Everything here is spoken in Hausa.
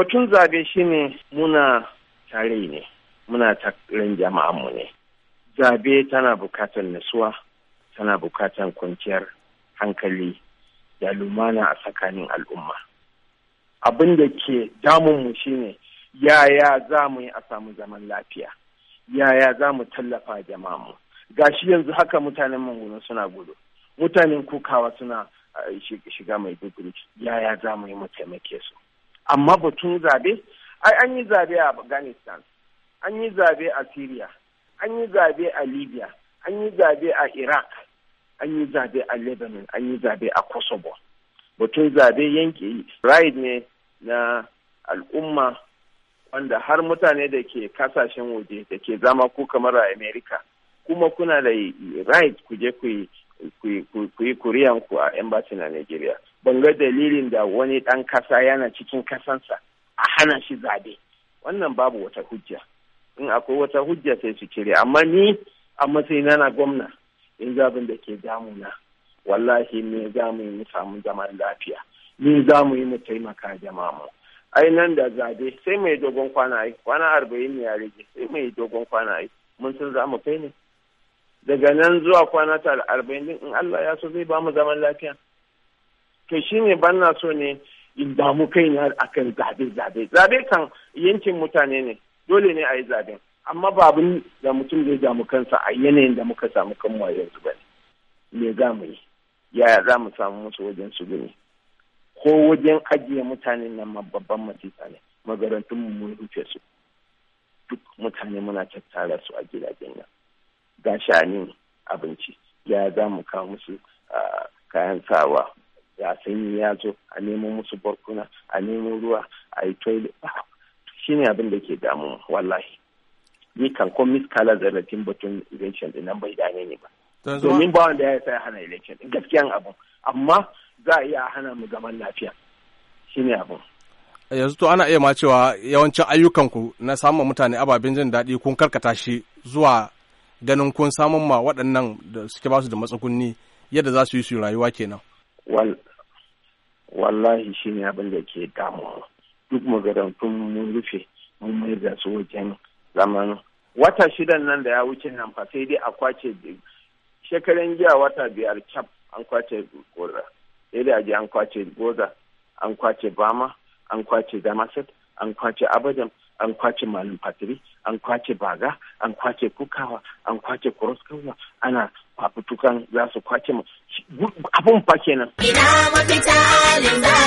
Batun zabe shine muna tare ne, muna tarin mu ne. Zabe tana bukatar nasuwa, tana bukatar kwanciyar hankali da lumana a tsakanin al'umma. Abin da ke damunmu shine yaya za mu yi a samu zaman lafiya, yaya za mu tallafa jama'anmu. shi yanzu haka mutanen Mangoro suna gudu, mutanen kukawa suna eh, shiga mai yaya za mu yi mu taimake su. amma batun zabe ai an yi zabe a afghanistan an yi zabe a syria an yi zabe a libya an yi zabe a iraq an yi zabe a lebanon an yi zabe a kosovo batun zabe yanki raid ne na al'umma wanda har mutane da ke kasashen waje da ke zama ko kamar a america kuma kuna da right ku je ku yi kuriyan ku a embassy na Nigeria ban ga dalilin da wani ɗan kasa yana cikin kasansa a hana shi zabe wannan babu wata hujja in akwai wata hujja sai su cire amma ni a matsayina na gwamna in zabin da ke damuna wallahi me za mu yi mu samu zaman lafiya ni za mu yi mu taimaka jama'a mu ai nan da zabe sai mai dogon kwana ai kwana arba'in ne ya rage sai mai dogon kwana ai mun san za mu kai ne daga nan zuwa kwana ta arba'in din in Allah ya so zai ba mu zaman lafiya to shine ban na so ne in damu kai a kan zabe zabe zabe kan yankin mutane ne dole ne a yi zaben amma babu da mutum zai damu kansa a yanayin da muka samu kanmu a yanzu ba me za mu yi yaya za mu samu musu wajen su gani ko wajen ajiye mutanen nan babban masifa ne magarantun mu mun rufe su duk mutane muna tattara su a gidajen nan ga shanin abinci ya za mu kawo musu kayan sawa ya sanyi ya zo a nemo musu barkuna a nemo ruwa a yi toilet shi ne abin da ke damu wallahi ni kan ko miskala zarafin batun election din nan bai dane ni ba domin ba wanda ya sa hana election din gaskiyan abin amma za a iya hana mu zaman lafiya shi ne abin yanzu to ana iya ma cewa yawancin ayyukanku na samun mutane ababen jin daɗi kun karkata shi zuwa ganin kun samun ma waɗannan da suke ba su da matsugunni yadda za su yi su rayuwa kenan wallahi shi ne abin da ke damu duk magarantun mun rufe mun mai da su wajen zamanu. wata shidan nan da ya wuce nan fa sai dai a kwace shekaran jiya wata biyar cap an kwace goza sai dai a je an kwace goza an kwace bama an kwace damaset an kwace abajan. an kwace malin fatiri an kwace baga an kwace kukawa an kwace koroskawa ana fafutukan za su kwace abun fa kenan ina mafita